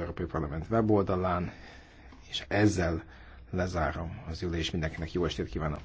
Európai Parlament weboldalán, és ezzel lezárom az ülést. Mindenkinek jó estét kívánok!